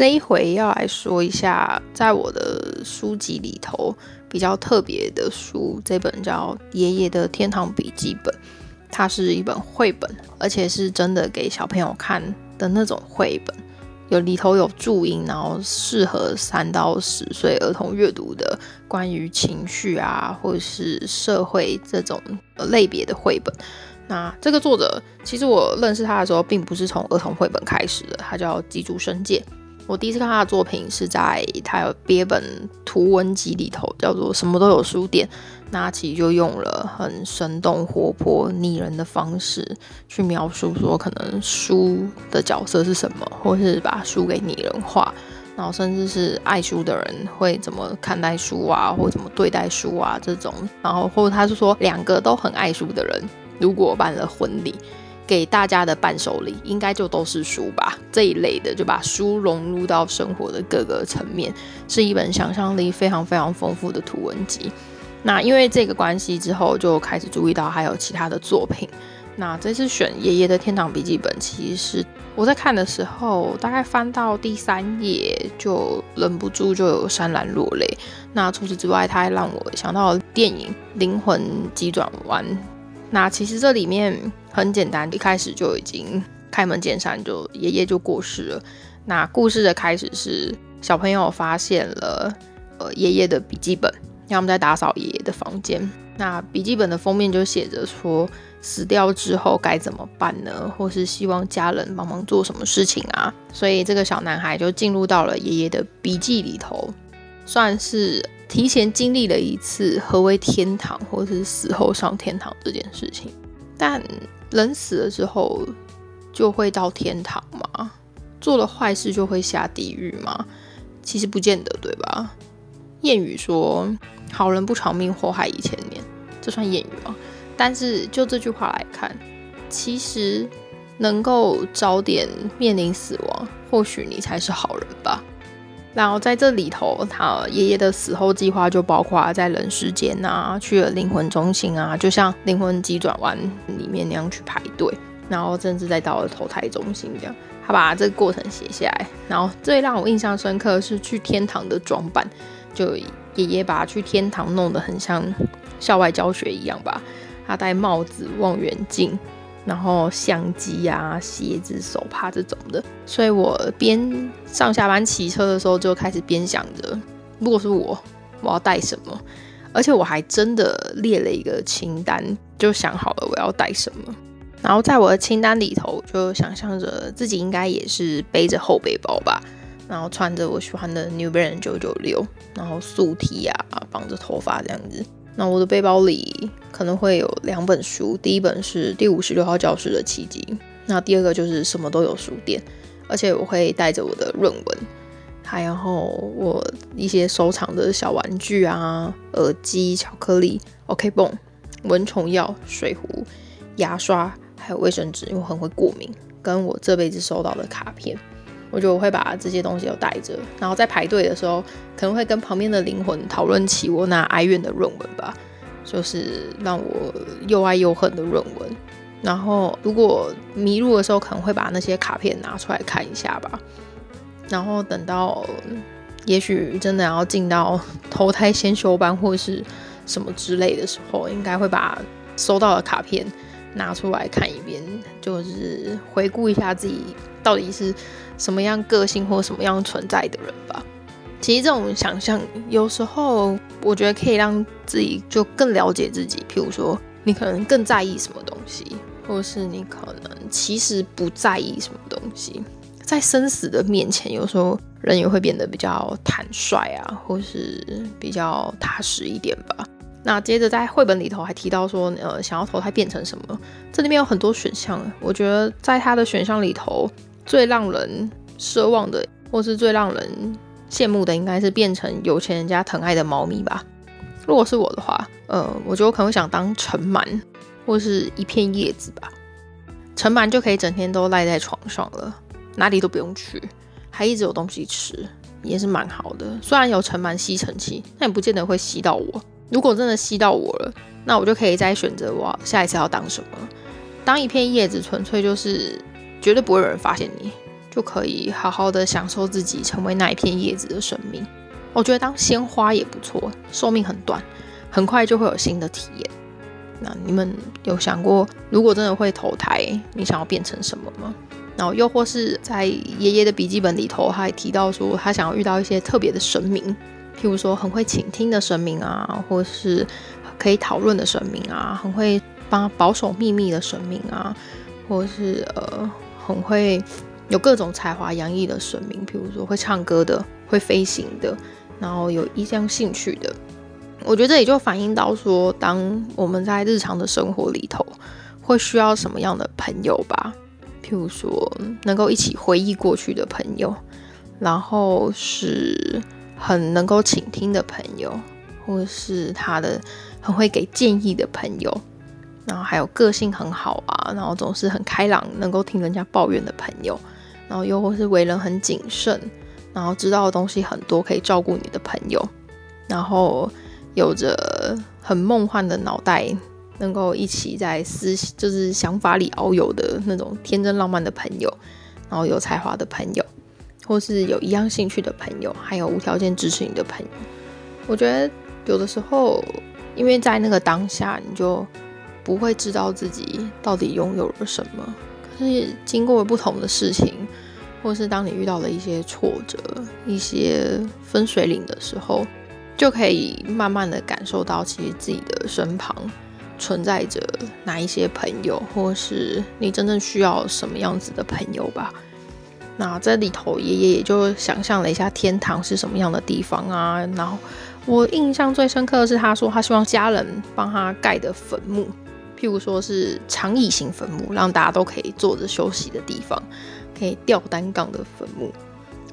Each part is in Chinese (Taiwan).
這一回要來說一下，在我的書籍裡頭比較特別的書，這本叫《爺爺的天堂筆記本》，它是一本繪本，而且是真的給小朋友看的那種繪本。有裡頭有注音，然後適合三到十歲兒童閱讀的關於情緒啊，或者是社會這種類別的繪本。那這個作者，其實我認識他的時候，並不是從兒童繪本開始的，他叫吉竹伸介。我第一次看他的作品是在他有編本圖文集裡頭，叫做《什麼都有》書店。那其實就用了很生動活潑、擬人的方式去描述，說可能書的角色是什麼，或是把書給擬人化。然後甚至是愛書的人會怎麼看待書啊，或怎麼對待書啊這種。然後或者他是說兩個都很愛書的人，如果辦了婚禮，給大家的伴手禮應該就都是書吧，這一類的就把書融入到生活的各個層面，是一本想象力非常非常豐富的圖文集。那因為這個關係之後就開始注意到還有其他的作品。那這次選爺爺的天堂筆記本，其實是我在看的時候，大概翻到第三頁就忍不住就有潸然落淚。那除此之外，它還讓我想到電影《靈魂急轉彎》。那其實這裡面很簡單，一開始就已經開門見山就，就爺爺就過世了。那故事的開始是小朋友發現了呃爺爺的筆記本，我們在打掃爺爺的房間。那筆記本的封面就寫着說死掉之後該怎麼辦呢？或是希望家人幫忙做什麼事情啊？所以這個小男孩就進入到了爺爺的筆記裡頭，算是。提前經歷了一次何為天堂，或者是死後上天堂這件事情。但人死了之後就會到天堂嗎？做了壞事就會下地獄嗎？其實不見得，對吧？諺語說“好人不長命，禍害一千年”，這算諺語嗎？但是就這句話來看，其實能夠早點面臨死亡，或許你才是好人吧。然後在這裡頭，他爺爺的死後計劃就包括他在人世間啊，去了靈魂中心啊，就像《靈魂急轉彎》裡面那樣去排隊，然後甚至再到了投胎中心這樣，他把這個過程寫下來。然後最讓我印象深刻的是去天堂的裝扮，就爺爺把他去天堂弄得很像校外教學一樣吧，他戴帽子、望遠鏡。然後相機啊、鞋子、手帕這種的，所以我邊上下班騎車的時候就開始邊想着，如果是我，我要帶什麼？而且我還真的列了一個清單，就想好了我要帶什麼。然後在我的清單裡頭，就想象着自己應該也是背着後背包吧，然後穿着我喜歡的 New Balance 996，然後素 T 啊，綁着頭髮這樣子。那我的背包裡可能會有兩本書，第一本是《第五十六號教室的奇蹟》，那第二個就是什麼都有書店，而且我會帶着我的論文，還然後我一些收藏的小玩具啊、耳機、巧克力、OK 繃、蚊蟲藥、水壺、牙刷，還有衛生紙，因為我很會過敏，跟我這輩子收到的卡片。我覺得我會把這些東西都帶着，然後在排隊的時候，可能會跟旁邊的靈魂討論起我那哀怨的論文吧，就是讓我又愛又恨的論文。然後如果迷路的時候，可能會把那些卡片拿出來看一下吧。然後等到也許真的要進到投胎先修班或是什麼之類的時候，應該會把收到的卡片拿出來看一遍，就是回顧一下自己。到底是什麼樣個性或什麼樣存在的人吧？其實這種想象有時候，我覺得可以讓自己就更了解自己。譬如說，你可能更在意什麼東西，或是你可能其實不在意什麼東西。在生死的面前，有時候人也會變得比較坦率啊，或是比較踏實一點吧。那接着在繪本裡頭還提到說，呃，想要投胎變成什麼？這裡面有很多選項。我覺得在它的選項裡頭，最讓人奢望的，或是最讓人羨慕的，應該是變成有錢人家疼愛的貓咪吧。如果是我的話，呃，我覺得我可能會想當塵蟎，或是一片葉子吧。塵蟎就可以整天都賴在床上了，哪裡都不用去，還一直有東西吃，也是蠻好的。雖然有塵蟎吸塵器，但也不見得會吸到我。如果真的吸到我了，那我就可以再選擇我下一次要當什麼。當一片葉子，純粹就是絕對不會有人發現你，就可以好好的享受自己，成為那一片葉子的生命。我覺得當鮮花也不錯，壽命很短，很快就會有新的體驗。那你們有想過，如果真的會投胎，你想要變成什麼嗎？然後又或是在爺爺的筆記本裡頭，他還提到說他想要遇到一些特別的神明。譬如說，很會傾聽的神明啊，或是可以討論的神明啊，很會幫保守秘密的神明啊，或是呃，很會有各種才華洋溢的神明，譬如說會唱歌的，會飛行的，然後有一樣興趣的。我覺得這也就反映到說，當我們在日常的生活裡頭，會需要什麼樣的朋友吧？譬如說，能夠一起回憶過去的朋友，然後是。很能夠傾聽的朋友，或是他的很會給建議的朋友，然後還有個性很好啊，然後總是很開朗，能夠聽人家抱怨的朋友，然後又或是為人很謹慎，然後知道的東西很多，可以照顧你的朋友，然後有着很夢幻的腦袋，能夠一起在思，就是想法裡遨遊的那種天真浪漫的朋友，然後有才華的朋友。或是有一樣興趣的朋友，還有無條件支持你的朋友，我覺得有的時候，因為在那個當下，你就不會知道自己到底擁有了什麼。可是經過不同的事情，或是當你遇到了一些挫折、一些分水嶺的時候，就可以慢慢的感受到，其實自己的身旁存在着哪一些朋友，或是你真正需要什麼樣子的朋友吧。那這裡頭，爺爺也就想象了一下天堂是什麼樣的地方啊。然後我印象最深刻的是，他說他希望家人幫他蓋的墳墓，譬如說是長椅型墳墓，讓大家都可以坐着休息的地方；可以吊單槓的墳墓，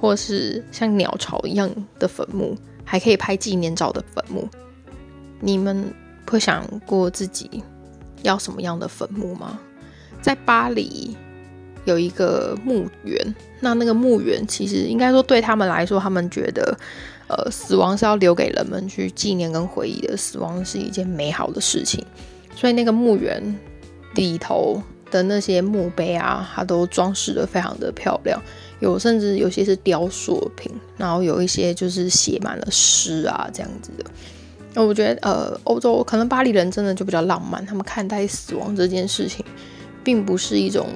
或是像鳥巢一樣的墳墓，還可以拍紀念照的墳墓。你們會想過自己要什麼樣的墳墓嗎？在巴黎。有一個墓園，那那個墓園其實應該說對他們來說，他們覺得，呃，死亡是要留給人們去紀念跟回憶的，死亡是一件美好的事情。所以那個墓園裡頭的那些墓碑啊，它都裝飾得非常的漂亮，有甚至有些是雕塑品，然後有一些就是寫滿了詩啊這樣子的。那我覺得，呃，歐洲可能巴黎人真的就比較浪漫，他們看待死亡這件事情，並不是一種。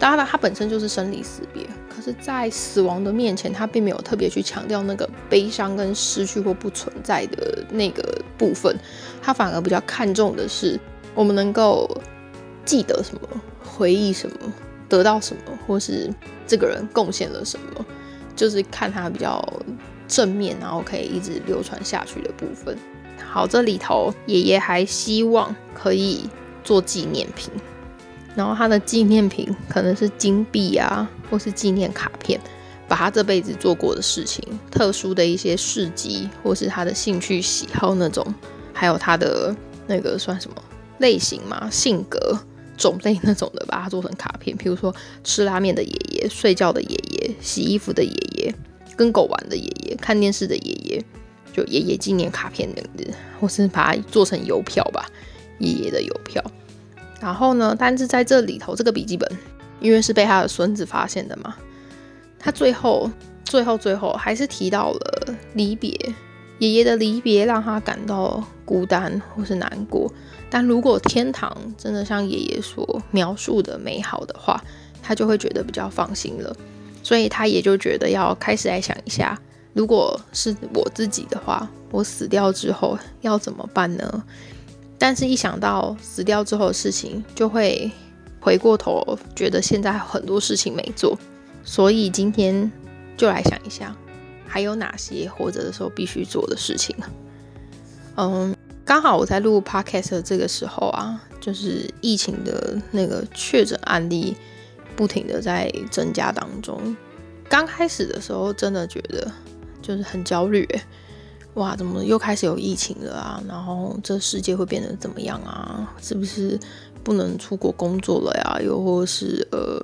當然了，他本身就是生離死別。可是，在死亡的面前，他並沒有特別去強調那個悲傷跟失去或不存在的那個部分，他反而比較看重的是我們能夠記得什麼、回憶什麼、得到什麼，或是這個人貢獻了什麼，就是看他比較正面，然後可以一直流傳下去的部分。好，這裡頭爺爺還希望可以做紀念品。然後他的紀念品可能是金幣啊，或是紀念卡片，把他這輩子做過的事情、特殊的一些事蹟，或是他的興趣喜好那種，還有他的那個算什麼類型嘛？性格、種類那種的，把它做成卡片。譬如說吃拉麵的爺爺、睡覺的爺爺、洗衣服的爺爺、跟狗玩的爺爺、看電視的爺爺，就爺爺紀念卡片那樣子，或是把它做成郵票吧，爺爺的郵票。然後呢，但是在這裡頭，這個筆記本因為是被他的孫子發現的嘛，他最後、最後、最後還是提到了離別，爺爺的離別讓他感到孤單或是難過。但如果天堂真的像爺爺所描述的美好的話，他就會覺得比較放心了，所以他也就覺得要開始來想一下，如果是我自己的話，我死掉之後要怎麼辦呢？但是，一想到死掉之後的事情，就會回過頭，覺得現在很多事情沒做，所以今天就來想一下，還有哪些活着的時候必須做的事情。嗯，剛好我在錄 Podcast 的這個時候啊，就是疫情的那個確診案例不停的在增加當中。剛開始的時候，真的覺得就是很焦慮。哇，怎麼又開始有疫情了啊？然後這世界會變得怎麼樣啊？是不是不能出國工作了呀？又或者是呃，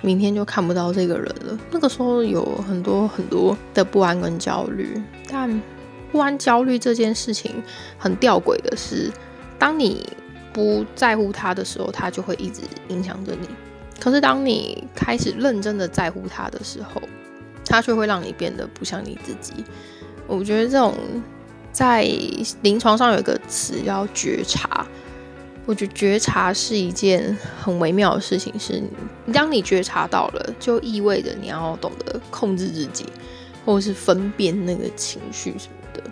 明天就看不到這個人了？那個時候有很多很多的不安跟焦慮。但不安焦慮這件事情很吊詭的是，當你不在乎他的時候，他就會一直影響着你。可是當你開始認真的在乎他的時候，他卻會讓你變得不像你自己。我覺得這種在臨床上有一個詞叫覺察，我覺得覺察是一件很微妙的事情。是你當你覺察到了，就意味着你要懂得控制自己，或者是分辨那個情緒什麼的。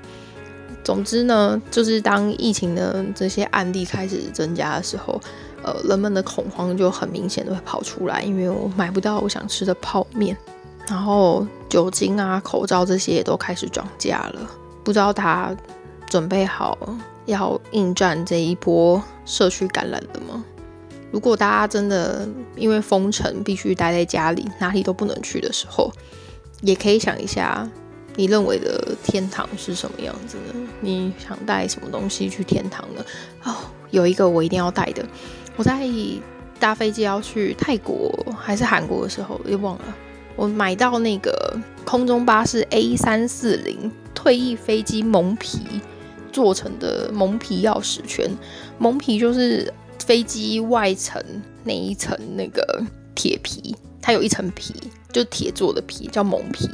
總之呢，就是當疫情的這些案例開始增加的時候，呃，人們的恐慌就很明顯的會跑出來，因為我買不到我想吃的泡麵。然後酒精啊、口罩這些也都開始漲價了，不知道他準備好要應戰這一波社區感染了嗎？如果大家真的因為封城必須待在家裡，哪裡都不能去的時候，也可以想一下你認為的天堂是什麼樣子的？你想帶什麼東西去天堂的。哦，有一個我一定要帶的，我在搭飛機要去泰國還是韓國的時候，也忘了。我買到那個空中巴士 A 三四零，退役飛機蒙皮做成的蒙皮鑰匙圈。蒙皮就是飛機外層那一層那個鐵皮，它有一層皮，就鐵做的皮叫蒙皮。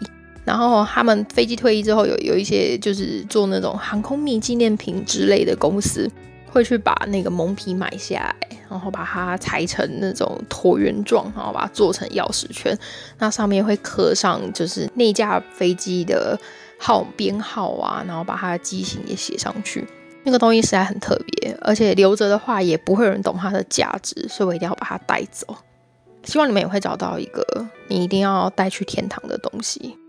然後他們飛機退役之後，有有一些就是做那種航空迷紀念品之類的公司。會去把那個蒙皮買下來，然後把它裁成那種橢圓狀，然後把它做成鑰匙圈。那上面會刻上就是那架飛機的號，編號啊，然後把它的機型也寫上去。那個東西實在很特別，而且留着的話也不會有人懂它的價值，所以我一定要把它帶走。希望你們也會找到一個你一定要帶去天堂的東西。